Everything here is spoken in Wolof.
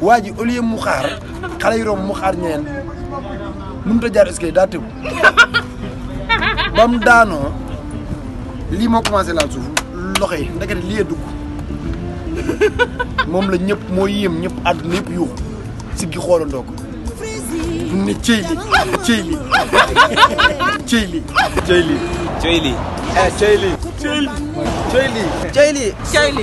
waa ji au mu xaar xale yi mu xaar ñeen mënut a jaar escalier daa tëb ba daanoo lii moo commencé laal suuf loxo yi ndekete lii dugg moom la ñëpp moo yéem ñëpp àdduna yëpp yuux siggi xoolandoo ko ne cëy li cëy li cëy li